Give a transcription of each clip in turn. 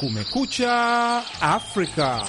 Kumekucha Afrika.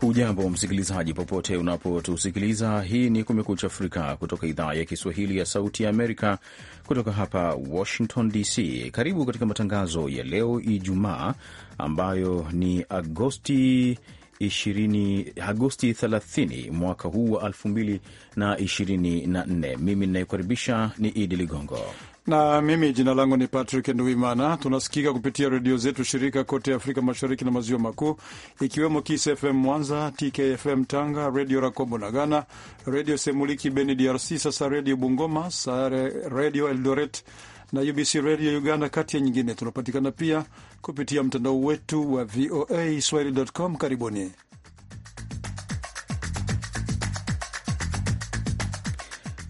Hujambo msikilizaji, popote unapotusikiliza. Hii ni Kumekucha Afrika kutoka idhaa ya Kiswahili ya Sauti ya Amerika, kutoka hapa Washington DC. Karibu katika matangazo ya leo Ijumaa, ambayo ni Agosti 20, Agosti 30 mwaka huu wa 2024. Mimi ninayekaribisha ni Idi Ligongo na mimi jina langu ni Patrick Nduimana. Tunasikika kupitia redio zetu shirika kote Afrika Mashariki na Maziwa Makuu, ikiwemo Kis FM Mwanza, TKFM Tanga, Redio Rakombo na Ghana, Redio Semuliki Beni DRC, sasa Redio Bungoma, Sare Redio Eldoret na UBC Redio Uganda, kati ya nyingine. Tunapatikana pia kupitia mtandao wetu wa VOA Swahili.com. Karibuni.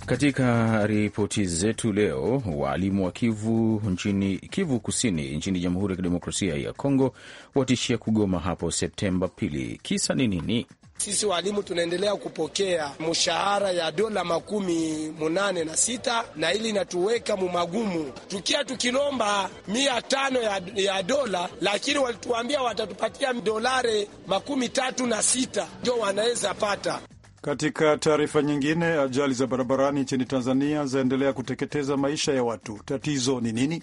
Katika ripoti zetu leo, waalimu wa Kivu nchini Kivu Kusini nchini Jamhuri ya Kidemokrasia ya Kongo watishia kugoma hapo Septemba pili. Kisa ni nini? Sisi walimu tunaendelea kupokea mshahara ya dola makumi munane na sita na ili inatuweka mumagumu, tukia tukilomba mia tano ya, ya dola, lakini walituambia watatupatia dolare makumi tatu na sita ndio wanaweza pata katika taarifa nyingine, ajali za barabarani nchini Tanzania zaendelea kuteketeza maisha ya watu. Tatizo ni nini?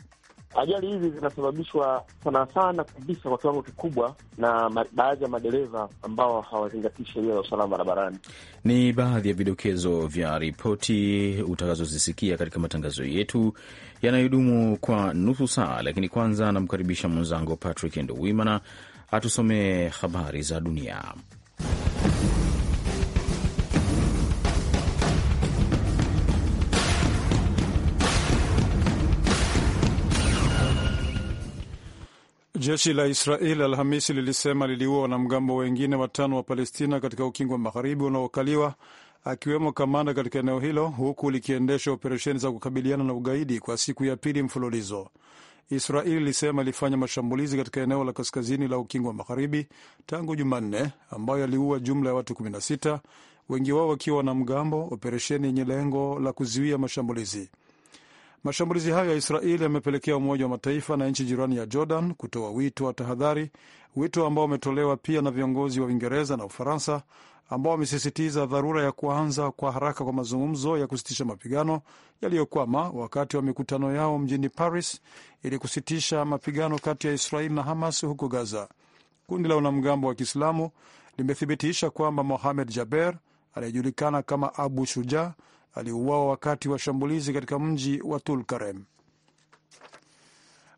Ajali hizi zinasababishwa sana sana kabisa kwa kiwango kikubwa na baadhi ya madereva ambao hawazingatii sheria za usalama barabarani. Ni baadhi ya vidokezo vya ripoti utakazozisikia katika matangazo yetu yanayodumu kwa nusu saa, lakini kwanza anamkaribisha mwenzangu Patrick Nduwimana atusomee habari za dunia. Jeshi la Israel Alhamisi lilisema liliua wanamgambo wengine watano wa Palestina katika ukingo wa magharibi unaokaliwa akiwemo kamanda katika eneo hilo, huku likiendesha operesheni za kukabiliana na ugaidi kwa siku ya pili mfululizo. Israel ilisema ilifanya mashambulizi katika eneo la kaskazini la ukingo wa magharibi tangu Jumanne, ambayo yaliua jumla ya watu 16, wengi wao wakiwa wanamgambo, operesheni yenye lengo la kuzuia mashambulizi. Mashambulizi hayo ya Israeli yamepelekea Umoja wa Mataifa na nchi jirani ya Jordan kutoa wito wa tahadhari, wito ambao umetolewa pia na viongozi wa Uingereza na Ufaransa ambao wamesisitiza dharura ya kuanza kwa haraka kwa mazungumzo ya kusitisha mapigano yaliyokwama wakati wa mikutano yao mjini Paris ili kusitisha mapigano kati ya Israeli na Hamas huko Gaza. Kundi la wanamgambo wa Kiislamu limethibitisha kwamba Mohamed Jaber anayejulikana kama Abu Shujaa aliuawa wakati wa shambulizi katika mji wa Tulkarem.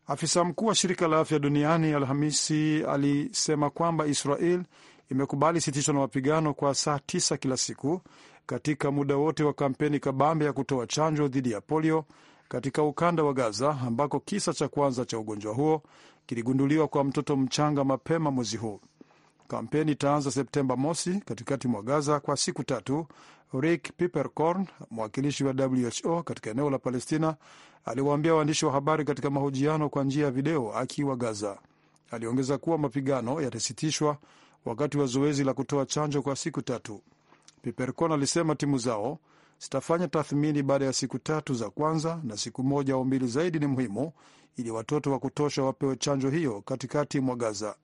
Afisa mkuu wa shirika la afya duniani Alhamisi alisema kwamba Israel imekubali sitisho la mapigano kwa saa tisa kila siku katika muda wote wa kampeni kabambe ya kutoa chanjo dhidi ya polio katika ukanda wa Gaza ambako kisa cha kwanza cha ugonjwa huo kiligunduliwa kwa mtoto mchanga mapema mwezi huu. Kampeni itaanza Septemba mosi katikati mwa Gaza kwa siku tatu Rick Pipercorn, mwakilishi wa WHO katika eneo la Palestina, aliwaambia waandishi wa habari katika mahojiano kwa njia ya video akiwa Gaza. Aliongeza kuwa mapigano yatasitishwa wakati wa zoezi la kutoa chanjo kwa siku tatu. Pipercorn alisema timu zao zitafanya tathmini baada ya siku tatu za kwanza, na siku moja au mbili zaidi ni muhimu ili watoto wa kutosha wapewe chanjo hiyo katikati mwa Gaza.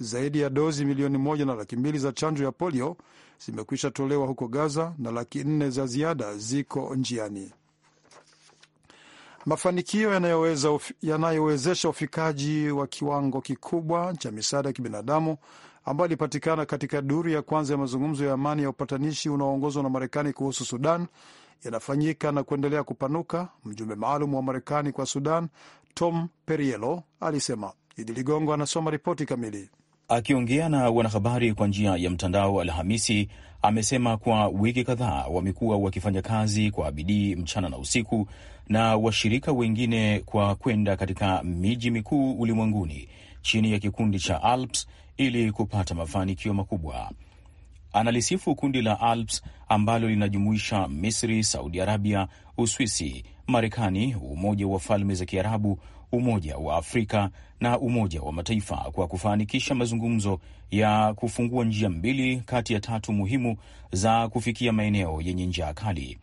Zaidi ya dozi milioni moja na laki mbili za chanjo ya polio zimekwisha tolewa huko Gaza na laki nne za ziada ziko njiani. Mafanikio yanayowezesha ufikaji wa kiwango kikubwa cha misaada ya kibinadamu ambayo ilipatikana katika duru ya kwanza ya mazungumzo ya amani ya upatanishi unaoongozwa na Marekani kuhusu Sudan yanafanyika na kuendelea kupanuka. Mjumbe maalum wa Marekani kwa Sudan Tom Perriello alisema. Idi Ligongo anasoma ripoti kamili. Akiongea na wanahabari kwa njia ya mtandao Alhamisi, amesema kwa wiki kadhaa wamekuwa wakifanya kazi kwa bidii mchana na usiku na washirika wengine kwa kwenda katika miji mikuu ulimwenguni chini ya kikundi cha ALPS ili kupata mafanikio makubwa. Analisifu kundi la ALPS ambalo linajumuisha Misri, Saudi Arabia, Uswisi, Marekani, Umoja wa Falme za Kiarabu, Umoja wa Afrika na Umoja wa Mataifa kwa kufanikisha mazungumzo ya kufungua njia mbili kati ya tatu muhimu za kufikia maeneo yenye njaa kali.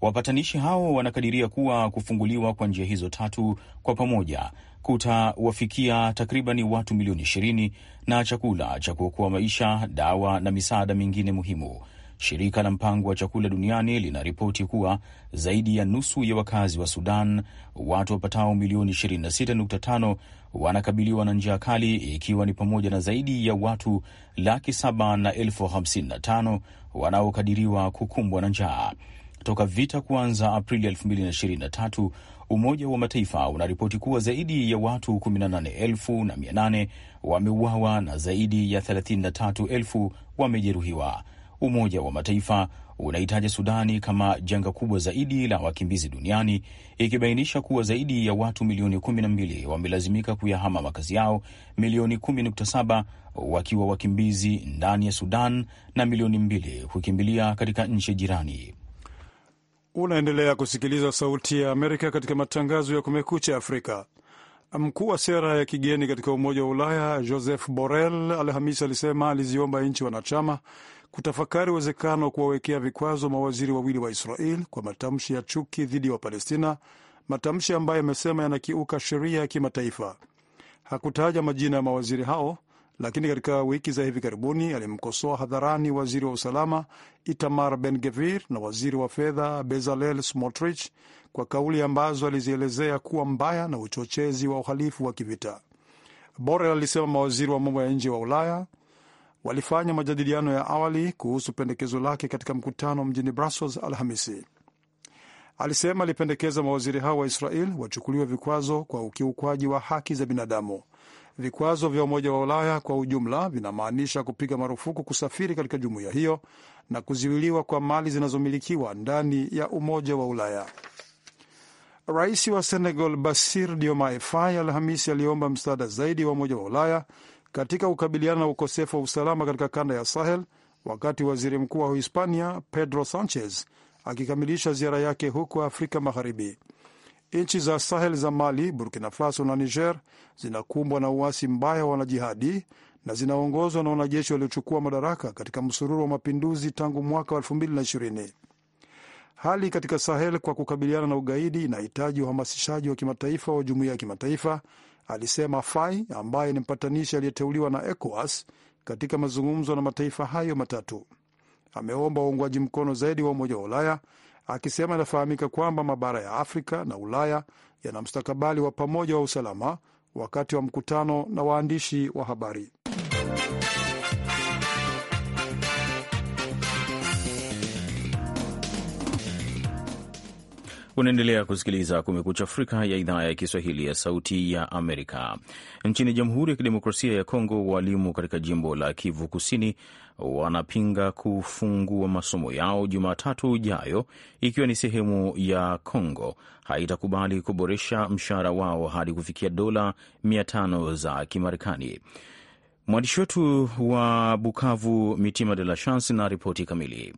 Wapatanishi hao wanakadiria kuwa kufunguliwa kwa njia hizo tatu kwa pamoja kutawafikia takribani watu milioni ishirini na chakula cha kuokoa maisha, dawa na misaada mingine muhimu. Shirika la mpango wa chakula duniani linaripoti kuwa zaidi ya nusu ya wakazi wa Sudan, watu wapatao milioni 26.5 wanakabiliwa na njaa kali, ikiwa ni pamoja na zaidi ya watu laki saba na elfu hamsini na tano wanaokadiriwa kukumbwa na njaa toka vita kuanza Aprili 2023. Umoja wa Mataifa unaripoti kuwa zaidi ya watu 18,800 wameuawa na zaidi ya 33,000 wamejeruhiwa. Umoja wa Mataifa unahitaja Sudani kama janga kubwa zaidi la wakimbizi duniani, ikibainisha kuwa zaidi ya watu milioni 12 wamelazimika kuyahama makazi yao, milioni 10.7 wakiwa wakimbizi ndani ya Sudan na milioni mbili kukimbilia katika nchi jirani. Unaendelea kusikiliza Sauti ya Amerika katika matangazo ya Kumekucha Afrika. Mkuu wa sera ya kigeni katika Umoja wa Ulaya Joseph Borrell Alhamisi alisema aliziomba nchi wanachama kutafakari uwezekano wa kuwawekea vikwazo mawaziri wawili wa Israel kwa matamshi ya chuki dhidi ya wa Wapalestina, matamshi ambayo yamesema yanakiuka sheria ya kimataifa. Hakutaja majina ya mawaziri hao, lakini katika wiki za hivi karibuni alimkosoa hadharani waziri wa usalama Itamar Ben Gvir na waziri wa fedha Bezalel Smotrich kwa kauli ambazo alizielezea kuwa mbaya na uchochezi wa uhalifu wa kivita. Borel alisema mawaziri wa mambo ya nje wa Ulaya walifanya majadiliano ya awali kuhusu pendekezo lake katika mkutano mjini Brussels Alhamisi. Alisema alipendekeza mawaziri hao wa Israel wachukuliwe vikwazo kwa ukiukwaji wa haki za binadamu. Vikwazo vya Umoja wa Ulaya kwa ujumla vinamaanisha kupiga marufuku kusafiri katika jumuiya hiyo na kuziwiliwa kwa mali zinazomilikiwa ndani ya Umoja wa Ulaya. Rais wa Senegal Basir Diomaye Faye Alhamisi aliomba msaada zaidi wa Umoja wa Ulaya katika kukabiliana na ukosefu wa usalama katika kanda ya Sahel, wakati waziri mkuu wa Hispania Pedro Sanchez akikamilisha ziara yake huko Afrika Magharibi. Nchi za Sahel za Mali, Burkina Faso na Niger zinakumbwa na uasi mbaya wa wanajihadi na zinaongozwa na wanajeshi waliochukua madaraka katika msururu wa mapinduzi tangu mwaka wa ishirini. Hali katika Sahel kwa kukabiliana na ugaidi inahitaji uhamasishaji wa kimataifa wa jumuiya ya kimataifa alisema Fai ambaye ni mpatanishi aliyeteuliwa na ECOWAS katika mazungumzo na mataifa hayo matatu. Ameomba uungwaji mkono zaidi wa Umoja wa Ulaya akisema inafahamika kwamba mabara ya Afrika na Ulaya yana mstakabali wa pamoja wa usalama, wakati wa mkutano na waandishi wa habari. Unaendelea kusikiliza Kumekucha Afrika ya idhaa ya Kiswahili ya Sauti ya Amerika. Nchini Jamhuri ya Kidemokrasia ya Kongo, walimu katika jimbo la Kivu Kusini wanapinga kufungua masomo yao Jumatatu ijayo, ikiwa ni sehemu ya Kongo haitakubali kuboresha mshahara wao hadi kufikia dola tano za Kimarekani. Mwandishi wetu wa Bukavu, Mitima De La Chance, na ripoti kamili.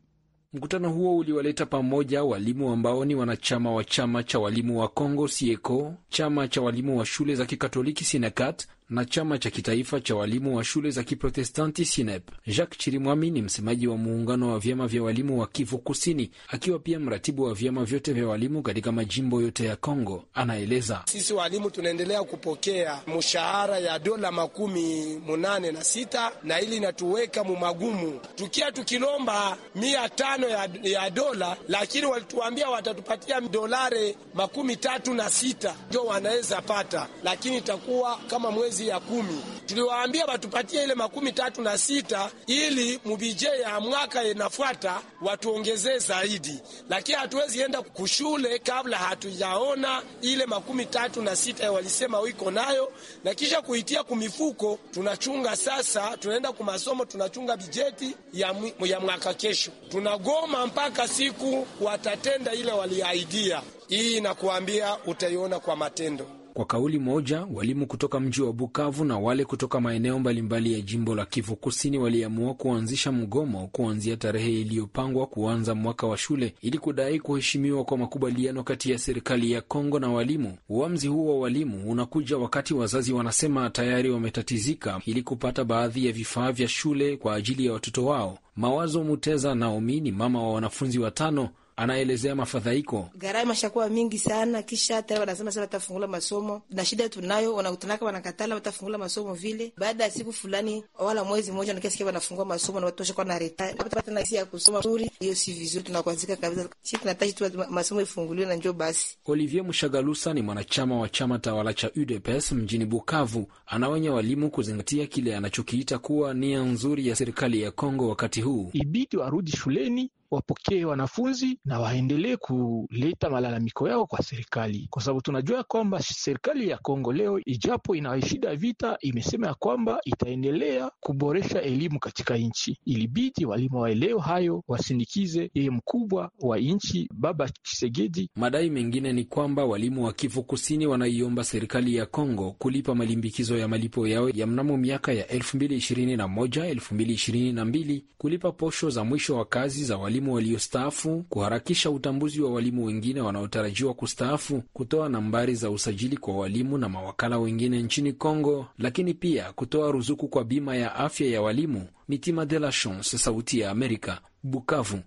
Mkutano huo uliwaleta pamoja walimu ambao ni wanachama wa chama cha walimu wa congo sieko, chama cha walimu wa shule za Kikatoliki sinecat na chama cha kitaifa cha walimu wa shule za Kiprotestanti SINEP. Jacques Chirimwami ni msemaji wa muungano wa vyama vya walimu wa Kivu Kusini, akiwa pia mratibu wa vyama vyote vya walimu katika majimbo yote ya Kongo. Anaeleza, sisi walimu tunaendelea kupokea mshahara ya dola makumi munane na sita na ili inatuweka mumagumu, tukia tukilomba mia tano ya, ya dola, lakini walituambia watatupatia dolare makumi tatu na sita ndio wanaweza pata, lakini itakuwa kama mwezi ya kumi. Tuliwaambia watupatie ile makumi tatu na sita ili mubije ya mwaka inafuata watuongezee zaidi, lakini hatuwezi enda kushule kabla hatujaona ile makumi tatu na sita walisema wiko nayo, na kisha kuitia kumifuko. Tunachunga sasa, tunaenda kumasomo, tunachunga bijeti ya, ya mwaka kesho. Tunagoma mpaka siku watatenda ile waliaidia. Hii nakuambia utaiona kwa matendo kwa kauli moja, walimu kutoka mji wa Bukavu na wale kutoka maeneo mbalimbali ya jimbo la Kivu Kusini waliamua kuanzisha mgomo kuanzia tarehe iliyopangwa kuanza mwaka wa shule ili kudai kuheshimiwa kwa makubaliano kati ya serikali ya Kongo na walimu. Uamuzi huo wa walimu unakuja wakati wazazi wanasema tayari wametatizika ili kupata baadhi ya vifaa vya shule kwa ajili ya watoto wao. Mawazo Muteza Naomi ni mama wa wanafunzi watano anaelezea mafadhaiko, gharama shakuwa mingi sana, kisha tena wanasema sana watafungula masomo na shida tunayo, wanakutanaka wanakatala watafungula masomo vile. Baada ya siku fulani wala mwezi mmoja, nakiasikia wanafungua masomo na watu washakuwa na retapata nafasi ya kusoma nzuri. Hiyo si vizuri, tunakuanzika kabisa, si tunataji tu masomo ifunguliwe na njoo basi. Olivier Mshagalusa ni mwanachama wa chama tawala cha UDPS mjini Bukavu, anaonya walimu kuzingatia kile anachokiita kuwa nia nzuri ya serikali ya Kongo wakati huu, ibidi warudi shuleni wapokee wanafunzi na waendelee kuleta malalamiko yao kwa serikali, kwa sababu tunajua kwamba serikali ya Kongo leo, ijapo ina shida vita, imesema ya kwamba itaendelea kuboresha elimu katika nchi. Ilibidi walimu waelewe hayo, wasindikize yeye mkubwa wa nchi, Baba Chisegedi. Madai mengine ni kwamba walimu wa Kivu Kusini wanaiomba serikali ya Kongo kulipa malimbikizo ya malipo yao ya mnamo miaka ya 2021 2022 kulipa posho za mwisho wa kazi za walimu walimu waliostaafu, kuharakisha utambuzi wa walimu wengine wanaotarajiwa kustaafu, kutoa nambari za usajili kwa walimu na mawakala wengine nchini Kongo, lakini pia kutoa ruzuku kwa bima ya afya ya walimu. Mitima de la Chance, Sauti ya Amerika, Bukavu.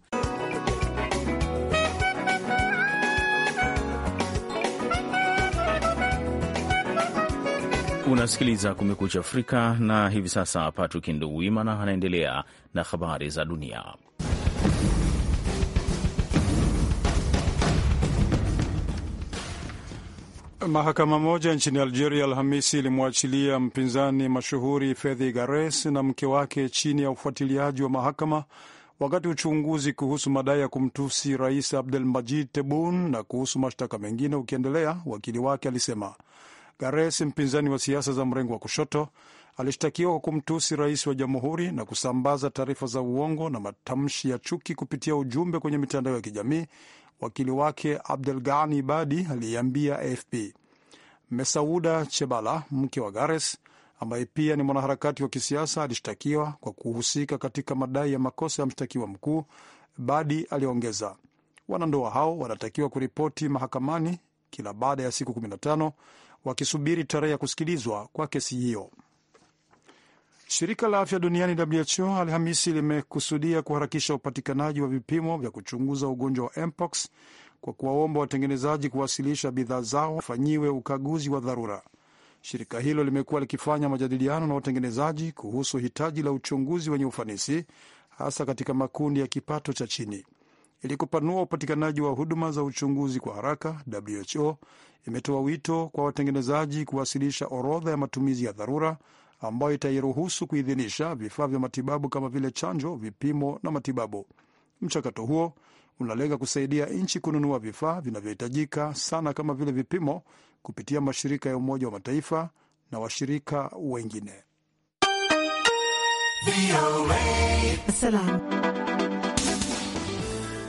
Unasikiliza Kumekucha Afrika na hivi sasa Patrick Nduwimana anaendelea na habari za dunia. Mahakama moja nchini Algeria Alhamisi ilimwachilia mpinzani mashuhuri Fedhi Gares na mke wake chini ya ufuatiliaji wa mahakama wakati uchunguzi kuhusu madai ya kumtusi Rais majid tebun na kuhusu mashtaka mengine ukiendelea, wakili wake alisema Gares, mpinzani wa siasa za mrengo wa kushoto, alishtakiwa kwa kumtusi rais wa jamhuri na kusambaza taarifa za uongo na matamshi ya chuki kupitia ujumbe kwenye mitandao ya kijamii Wakili wake Abdul Ghani Badi aliyeambia AFP. Mesauda Chebala, mke wa Gares, ambaye pia ni mwanaharakati wa kisiasa, alishtakiwa kwa kuhusika katika madai ya makosa ya mshtakiwa mkuu. Badi aliongeza, wanandoa hao wanatakiwa kuripoti mahakamani kila baada ya siku 15 wakisubiri tarehe ya kusikilizwa kwa kesi hiyo. Shirika la afya duniani WHO Alhamisi limekusudia kuharakisha upatikanaji wa vipimo vya kuchunguza ugonjwa wa mpox kwa kuwaomba watengenezaji kuwasilisha bidhaa zao wafanyiwe ukaguzi wa dharura. Shirika hilo limekuwa likifanya majadiliano na watengenezaji kuhusu hitaji la uchunguzi wenye ufanisi, hasa katika makundi ya kipato cha chini. Ili kupanua upatikanaji wa huduma za uchunguzi kwa haraka, WHO imetoa wito kwa watengenezaji kuwasilisha orodha ya matumizi ya dharura ambayo itairuhusu kuidhinisha vifaa vya matibabu kama vile chanjo, vipimo na matibabu. Mchakato huo unalenga kusaidia nchi kununua vifaa vinavyohitajika sana kama vile vipimo kupitia mashirika ya Umoja wa Mataifa na washirika wengine.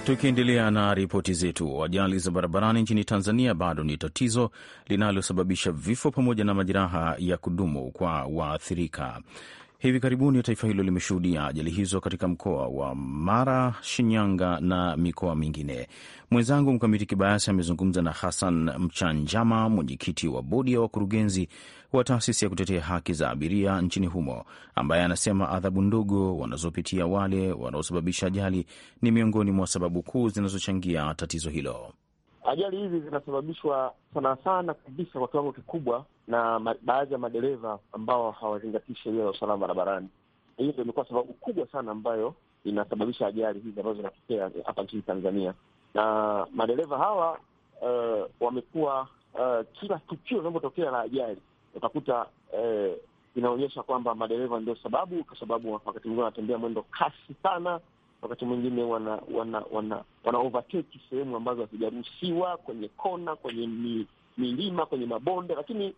Tukiendelea na ripoti zetu, ajali za barabarani nchini Tanzania bado ni tatizo linalosababisha vifo pamoja na majeraha ya kudumu kwa waathirika. Hivi karibuni taifa hilo limeshuhudia ajali hizo katika mkoa wa Mara, Shinyanga na mikoa mingine. Mwenzangu Mkamiti Kibayasi amezungumza na Hassan Mchanjama, mwenyekiti wa bodi ya wakurugenzi wa taasisi ya kutetea haki za abiria nchini humo, ambaye anasema adhabu ndogo wanazopitia wale wanaosababisha ajali ni miongoni mwa sababu kuu zinazochangia tatizo hilo. Ajali hizi zinasababishwa sana sana kabisa kwa kiwango kikubwa na baadhi ya madereva ambao hawazingatii sheria za usalama barabarani. Hiyo ndio imekuwa sababu kubwa sana ambayo inasababisha ajali hizi ambazo zinatokea hapa nchini Tanzania, na madereva hawa uh, wamekuwa uh, kila tukio linavyotokea la ajali utakuta uh, inaonyesha kwamba madereva ndio sababu, kwa sababu wakati mwingine wanatembea mwendo kasi sana, wakati mwingine wana wana wana, wana overtake sehemu ambazo hazijaruhusiwa, kwenye kona, kwenye milima, kwenye mabonde, lakini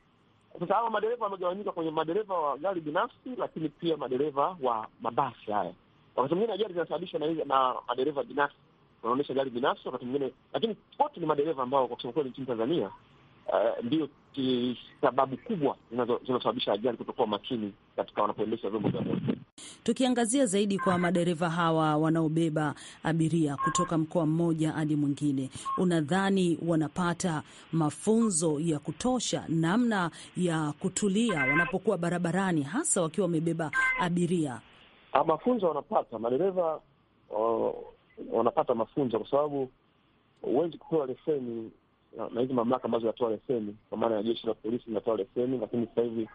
sasa hawa madereva wamegawanyika kwenye madereva wa gari binafsi, lakini pia madereva wa mabasi haya. Wakati mwingine ajali zinasababishwa na, na madereva binafsi wanaonyesha gari binafsi wakati mwingine, lakini wote ni madereva ambao kwa kusema kweli nchini Tanzania Eh, ndio sababu kubwa zinazosababisha ajali, kutokuwa makini katika wanapoendesha vyombo vya moto. Tukiangazia zaidi kwa madereva hawa wanaobeba abiria kutoka mkoa mmoja hadi mwingine, unadhani wanapata mafunzo ya kutosha namna ya kutulia wanapokuwa barabarani, hasa wakiwa wamebeba abiria? Ha, ah, mafunzo wanapata madereva, oh, wanapata mafunzo kwa sababu wengi kupewa leseni na hizi mamlaka ambazo zinatoa leseni, kwa maana ya jeshi la polisi linatoa leseni, lakini sasa hivi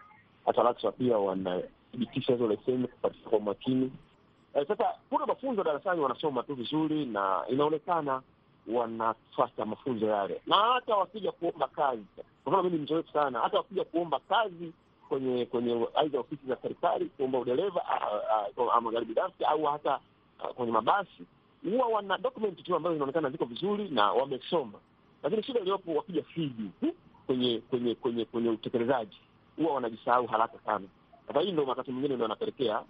hata LATRA pia wanathibitisha hizo leseni kupatika kwa umakini. E, sasa kuna mafunzo darasani wanasoma tu vizuri, na inaonekana wanafata mafunzo yale, na hata wakija kuomba kazi. Kwa mfano, mimi ni mzoefu sana, hata wakija kuomba kazi kwenye kwenye aidha ofisi za serikali kuomba udereva ama gari binafsi au hata a, kwenye mabasi huwa wana document tu ambazo zinaonekana ziko vizuri na wamesoma lakini shida iliyopo wakija fiji tu kwenye kwenye kwenye kwenye utekelezaji huwa wanajisahau haraka sana. Sasa hii ndo wakati mwingine ndo anapelekea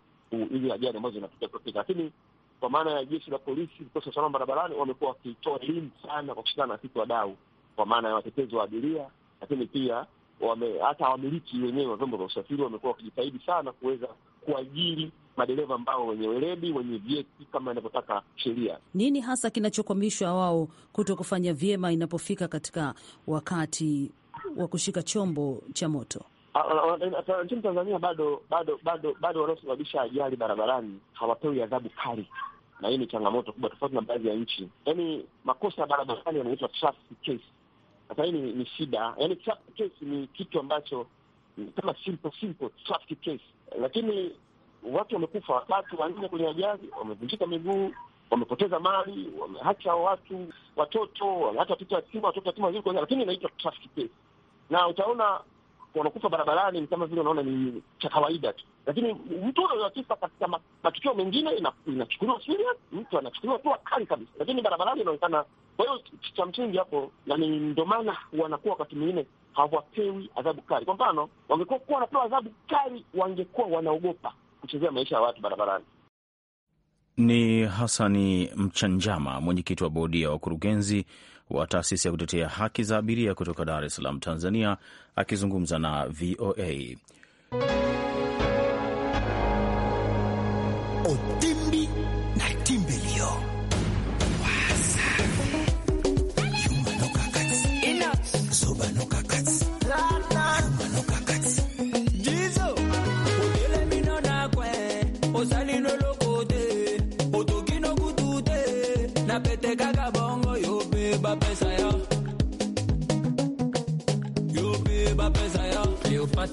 hizi ajali ambazo zinatokea kutokea, lakini kwa maana ya jeshi la polisi, vikosi vya usalama barabarani wamekuwa wakitoa elimu sana kwa kushindana na sisi wadau, kwa maana ya watetezi wa abiria, lakini pia wame, hata wamiliki wenyewe wa vyombo vya usafiri wamekuwa wakijitahidi sana kuweza kuajiri madereva ambao wenye weledi, wenye vyeti kama inavyotaka sheria. Nini hasa kinachokwamishwa wao kuto kufanya vyema inapofika katika wakati wa kushika chombo cha moto? Nchini Tanzania bado bado bado bado wanaosababisha ajali barabarani hawapewi adhabu kali, na hii ni changamoto kubwa, tofauti na baadhi ya nchi. Yaani makosa ya barabarani yanaitwa traffic case. Sasa hii ni shida, yaani traffic case ni kitu ambacho kama simple simple traffic case, lakini watu wamekufa watatu wanne kwenye ajali, wamevunjika miguu, wamepoteza mali, wameacha watu watoto, wameacha watoto yatima, watoto yatima wazuri lakini inaitwa traffic case, na utaona wanakufa barabarani ni kama vile unaona ni cha kawaida tu, lakini mtu huyo katika matukio mengine inachukuliwa serious, mtu anachukuliwa tu kali kabisa, lakini barabarani inaonekana. Kwa hiyo cha msingi hapo, na ni ndio maana wanakuwa wakati mwingine hawapewi adhabu kali. Kwa mfano, wangekuwa wanapewa adhabu kali, wangekuwa wanaogopa kuchezea maisha ya watu barabarani. Ni Hasani Mchanjama, mwenyekiti wa bodi ya wakurugenzi wa taasisi ya kutetea haki za abiria kutoka Dar es Salaam, Tanzania, akizungumza na VOA. Otim.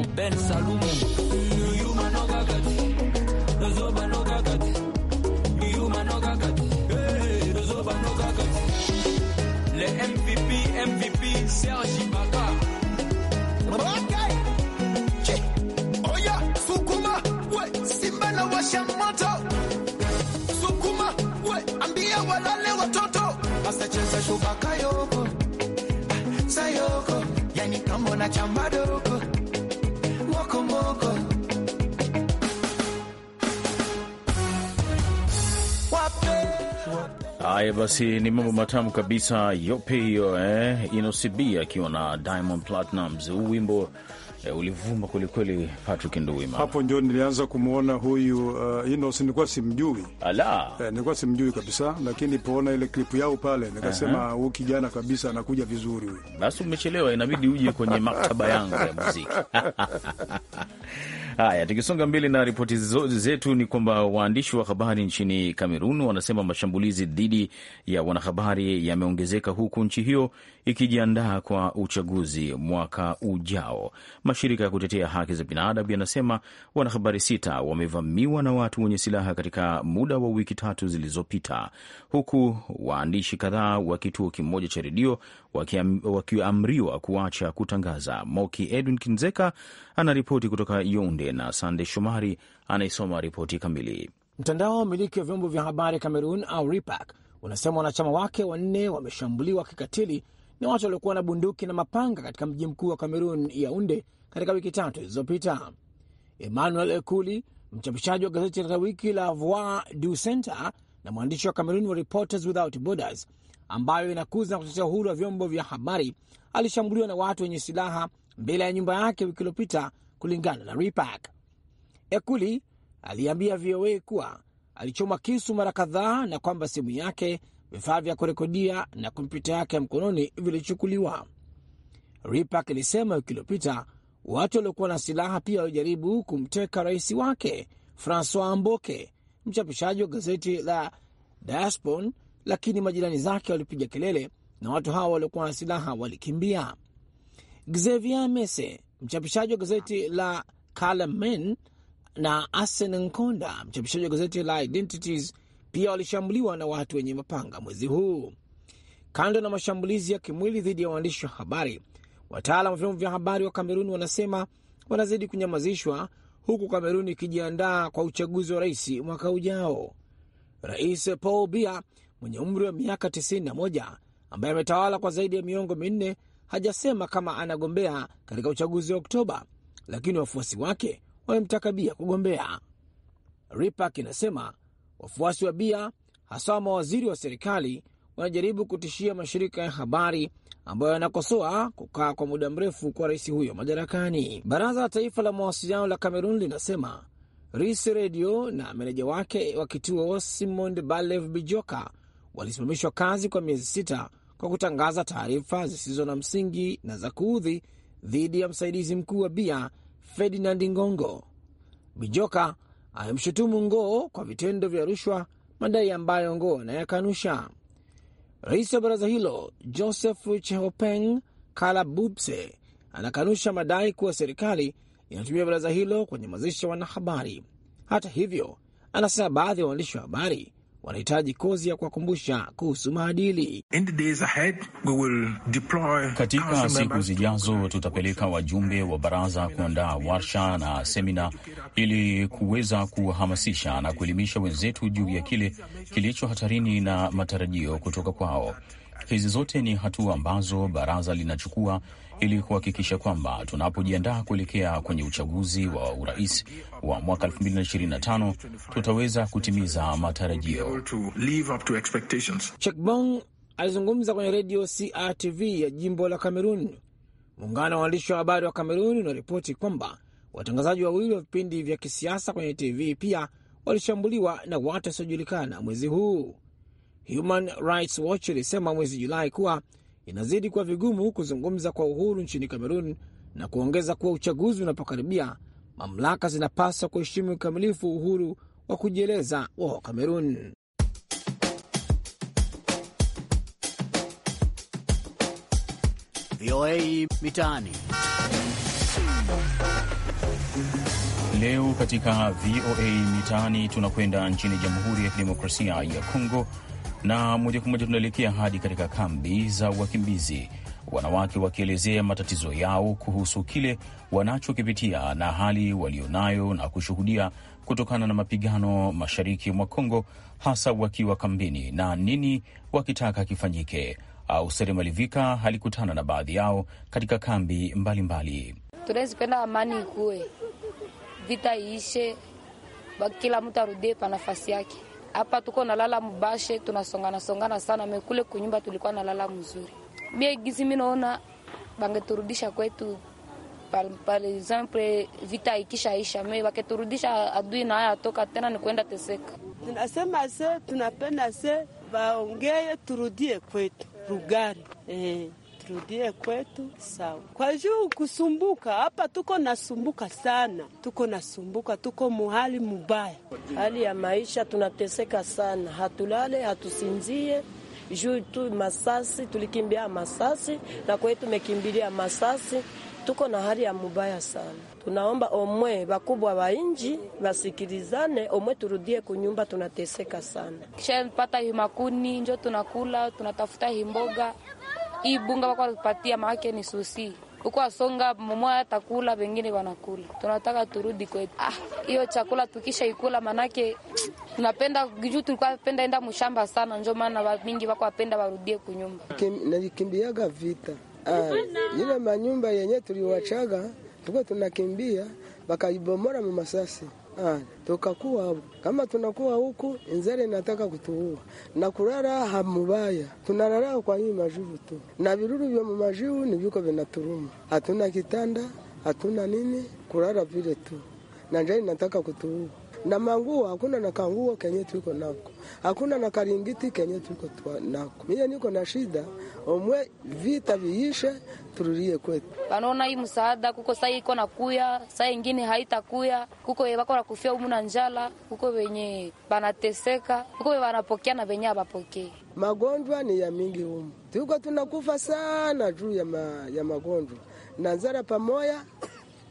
Salumu Ben Salumu ah, chambado Haya basi, ni mambo matamu kabisa yope hiyo eh, inosibia akiwa na Diamond Platnumz. Huu wimbo eh, ulivuma kwelikweli, Patrick Nduwima. Hapo ndio nilianza kumwona huyu uh, Inos, nilikuwa simjui ala, eh, nilikuwa simjui kabisa, lakini poona ile klipu yao pale nikasema huu uh -huh. kijana kabisa anakuja vizuri huyu. Basi umechelewa, inabidi uje kwenye maktaba yangu ya muziki Haya, tukisonga mbele na ripoti zetu ni kwamba waandishi wa habari nchini Kamerun wanasema mashambulizi dhidi ya wanahabari yameongezeka huku nchi hiyo ikijiandaa kwa uchaguzi mwaka ujao. Mashirika ya kutetea haki za binadamu yanasema wanahabari sita wamevamiwa na watu wenye silaha katika muda wa wiki tatu zilizopita, huku waandishi kadhaa wa kituo kimoja cha redio wakiamriwa kuacha kutangaza. Moki Edwin Kinzeka anaripoti kutoka Yaounde na Sande Shomari anayesoma ripoti kamili. Mtandao wa miliki wa vyombo vya habari Cameroon au RIPAC unasema wanachama wake wanne wameshambuliwa kikatili na watu waliokuwa na bunduki na mapanga katika mji mkuu wa Cameroon, yaunde katika wiki tatu zilizopita. Emmanuel Ekuli, mchapishaji wa gazeti la wiki la Voix du Centre na mwandishi wa Cameroon wa Reporters Without Borders, ambayo inakuza na kutetea uhuru wa vyombo vya habari, alishambuliwa na watu wenye silaha mbele ya nyumba yake wiki iliyopita, kulingana na Repack. Ekuli aliambia VOA kuwa alichomwa kisu mara kadhaa na kwamba simu yake, vifaa vya kurekodia na kompyuta yake ya mkononi vilichukuliwa. Repack ilisema wiki iliyopita watu waliokuwa na silaha pia walijaribu kumteka rais wake Francois Amboke, mchapishaji wa gazeti la Diaspon, lakini majirani zake walipiga kelele na watu hao waliokuwa na silaha walikimbia. Xavier Mese, mchapishaji wa gazeti la Calamen, na Asen Nkonda, mchapishaji wa gazeti la Identities, pia walishambuliwa na watu wenye mapanga mwezi huu. Kando na mashambulizi ya kimwili dhidi ya waandishi wa habari, wataalam wa vyombo vya habari wa Kameruni wanasema wanazidi kunyamazishwa, huku Kameruni ikijiandaa kwa uchaguzi wa rais mwaka ujao. Rais Paul bia mwenye umri wa miaka 91 ambaye ametawala kwa zaidi ya miongo minne hajasema kama anagombea katika uchaguzi wa Oktoba, lakini wafuasi wake wamemtaka Bia kugombea. Ripak inasema wafuasi wa Bia, hasa mawaziri wa serikali, wanajaribu kutishia mashirika ya habari ambayo yanakosoa kukaa kwa muda mrefu kwa rais huyo madarakani. Baraza la Taifa la Mawasiliano la Kamerun linasema Ris redio na meneja wake wa kituo Simon Balev Bijoka walisimamishwa kazi kwa miezi sita kwa kutangaza taarifa zisizo na msingi na za kuudhi dhidi ya msaidizi mkuu wa bia Ferdinand Ngongo. Bijoka amemshutumu Ngoo kwa vitendo vya rushwa, madai ambayo Ngoo anayakanusha. Rais wa baraza hilo Joseph Chehopeng Kalabubse anakanusha madai kuwa serikali inatumia baraza hilo kwenye mazishi ya wanahabari. Hata hivyo, anasema baadhi ya waandishi wa habari wanahitaji kozi ya kuwakumbusha kuhusu maadili. Katika siku zijazo, tutapeleka wajumbe wa baraza kuandaa warsha na semina ili kuweza kuhamasisha na kuelimisha wenzetu juu ya kile kilicho hatarini na matarajio kutoka kwao. Hizi zote ni hatua ambazo baraza linachukua ili kuhakikisha kwamba tunapojiandaa kuelekea kwenye uchaguzi wa urais wa mwaka 2025 tutaweza kutimiza matarajio. Chekbong alizungumza kwenye redio CRTV ya jimbo la Kamerun. Muungano wa waandishi wa habari wa Kamerun unaripoti kwamba watangazaji wawili wa vipindi vya kisiasa kwenye TV pia walishambuliwa na watu wasiojulikana mwezi huu. Human Rights Watch ilisema mwezi Julai kuwa inazidi kuwa vigumu kuzungumza kwa uhuru nchini Kamerun na kuongeza kuwa uchaguzi unapokaribia, mamlaka zinapaswa kuheshimu kikamilifu uhuru wa kujieleza wa kamerun VOA Mitaani. Leo katika VOA Mitaani tunakwenda nchini Jamhuri ya Kidemokrasia ya Kongo na moja kwa moja tunaelekea hadi katika kambi za wakimbizi, wanawake wakielezea matatizo yao kuhusu kile wanachokipitia na hali walionayo na kushuhudia kutokana na mapigano mashariki mwa Kongo, hasa wakiwa kambini na nini wakitaka kifanyike. au Seri Malivika alikutana na baadhi yao katika kambi mbalimbali. Tunazipenda amani ikuwe, vita iishe, kila mtu arudie pa nafasi yake hapa tuko nalala mubashe, tunasongana songana sana. Mekule kunyumba tulikuwa nalala mzuri. Bia gizi mimi naona bangeturudisha kwetu, par exemple vita ikishaisha, me waketurudisha adui na haya atoka tena ni kwenda teseka. Tunasema se tunapenda se waongee, turudie kwetu Rugari eh turudie kwetu sawa. Kwa juu kusumbuka hapa, tuko nasumbuka sana, tuko nasumbuka, tuko muhali mubaya, hali ya maisha tunateseka sana, hatulale hatusinzie juu tu masasi, tulikimbia masasi na kwetu tumekimbilia masasi tuko na hali ya mubaya sana. Tunaomba omwe wakubwa wa inji wasikilizane, omwe turudie kunyumba, tunateseka sana. Kisha pata himakuni njo tunakula tunatafuta himboga hii bunga wako watupatia maake ni susi huko asonga mmoja atakula, wengine wanakula. Tunataka turudi kwetu. Ah, hiyo chakula tukisha ikula, manake tunapenda juu tulikuwa penda enda mshamba sana, ndio maana mingi wako wapenda warudie kunyumba. Nalikimbiaga vita ah, ile manyumba yenye tuliwachaga tulikuwa tunakimbia, wakaibomora mumasasi Ah, tukakuwa kama tunakuwa huku inzara inataka kutuua na kulala hamubaya, tunalala kwa hii majivu tu na viruru vya mumajivu ni viko vinaturuma, hatuna kitanda hatuna nini, kulala vile tu na njaa inataka kutuua na manguo hakuna na kanguo kenye tuko nako, hakuna na karingiti kenye tuko nako. Mimi niko na shida omwe, vita viishe, turulie kwetu. Wanaona hii msaada kuko sai iko na kuya sai ingine haitakuya, kuko wako na kufia umu na njala, kuko wenye banateseka, kuko wanapokea na wenye abapokee. Magonjwa ni ya mingi umu, tuko tunakufa sana juu ya, ma, ya magonjwa na nzara pamoya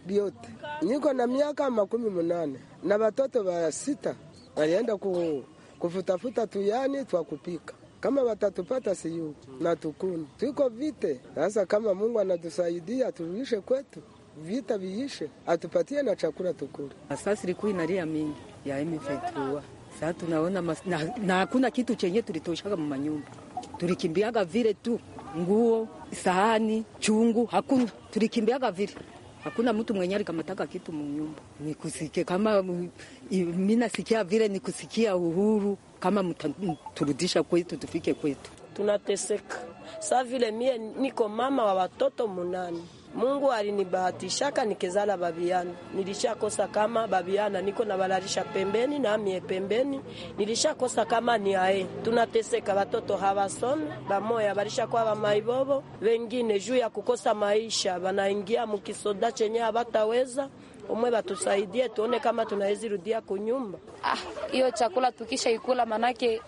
biote. Niko na miaka makumi munane na watoto wa sita walienda ku, kufutafuta tuyani twa kupika kama watatupata siyu na tukuni twiko vite sasa. Kama Mungu anatusaidia turudishe kwetu vita viishe, atupatie na chakula tukule. Sasa ilikuwa inalia mingi ya M23 sasa tunaona mas... na na hakuna kitu chenye tulitoshaka mu tulikimbiaga vile tu, nguo, sahani, chungu, hakuna, tulikimbiaga vile Hakuna mtu mwenye alikamataka kitu munyumba. Nikusikia kama mimi nasikia vile, nikusikia uhuru kama mtaturudisha kwetu, tufike kwetu, tunateseka saa vile. Mie niko mama wa watoto munani Mungu alinibahatishaka nikezala babiana, nilishakosa kama babiana niko nabalalisha pembeni namie pembeni, nilishakosa kama ni ae. Tunateseka, batoto habasomi, bamoya ba maibobo wengine juu ya kukosa maisha banaingia mukisoda chenye abataweza Umwe batusaidie tuone kama tunawezi rudia kunyumba. Ah, hiyo chakula ikula manake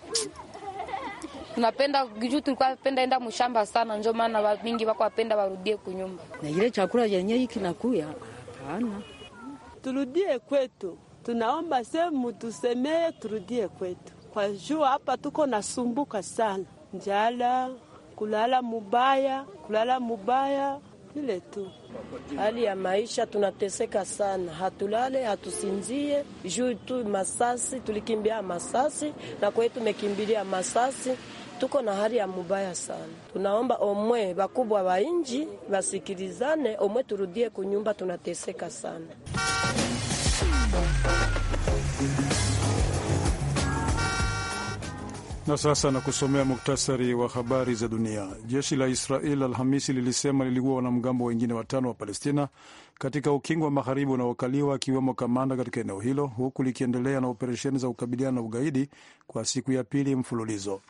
tunapenda juu tulikuwa tunapenda enda mshamba sana, ndio maana mingi wako wapenda warudie kunyumba, na ile chakula yenye hiki nakuya. Hapana, turudie kwetu, tunaomba sehemu tusemee, turudie kwetu kwa jua hapa tuko nasumbuka sana, njala, kulala mubaya, kulala mubaya ile tu hali ya maisha, tunateseka sana, hatulale hatusinzie, juu tu masasi. Tulikimbia masasi na kwetu tumekimbilia masasi tuko na hali ya mubaya sana. Tunaomba omwe bakubwa wa inji basikilizane, omwe turudie kunyumba, tunateseka sana. Na sasa na kusomea muktasari wa habari za dunia. Jeshi la Israel Alhamisi lilisema liliua wanamgambo wengine watano wa Palestina katika ukingo wa magharibi unaokaliwa akiwemo kamanda katika eneo hilo, huku likiendelea na operesheni za kukabiliana na ugaidi kwa siku ya pili mfululizo.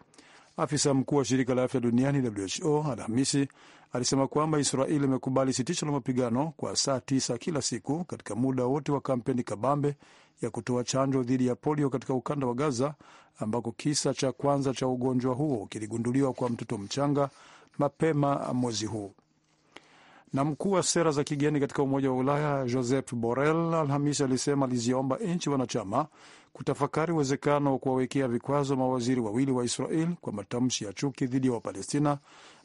Afisa mkuu wa shirika la afya duniani WHO Alhamisi alisema kwamba Israeli imekubali sitisho la mapigano kwa saa tisa kila siku katika muda wote wa kampeni kabambe ya kutoa chanjo dhidi ya polio katika ukanda wa Gaza ambako kisa cha kwanza cha ugonjwa huo kiligunduliwa kwa mtoto mchanga mapema mwezi huu. Na mkuu wa sera za kigeni katika Umoja wa Ulaya Josep Borrell Alhamisi alisema aliziomba nchi wanachama kutafakari uwezekano wa kuwawekea vikwazo mawaziri wawili wa Israel kwa matamshi ya chuki dhidi ya Wapalestina,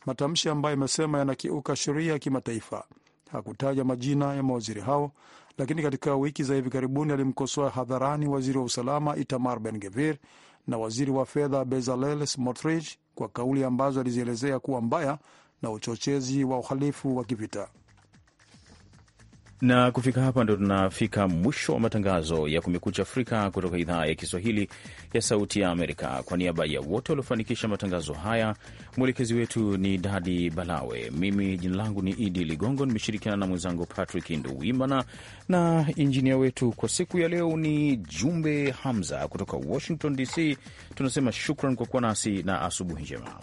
matamshi ambayo imesema yanakiuka sheria ya kimataifa. Hakutaja majina ya mawaziri hao, lakini katika wiki za hivi karibuni alimkosoa hadharani waziri wa usalama Itamar Ben Gvir na waziri wa fedha Bezalel Smotrich kwa kauli ambazo alizielezea kuwa mbaya na uchochezi wa uhalifu wa kivita. Na kufika hapa ndo tunafika mwisho wa matangazo ya Kumekucha Afrika kutoka idhaa ya Kiswahili ya Sauti ya Amerika. Kwa niaba ya wote waliofanikisha matangazo haya, mwelekezi wetu ni Dadi Balawe, mimi jina langu ni Idi Ligongo, nimeshirikiana na mwenzangu Patrick Nduwimana na injinia wetu kwa siku ya leo ni Jumbe Hamza kutoka Washington DC. Tunasema shukran kwa kuwa nasi na asubuhi njema.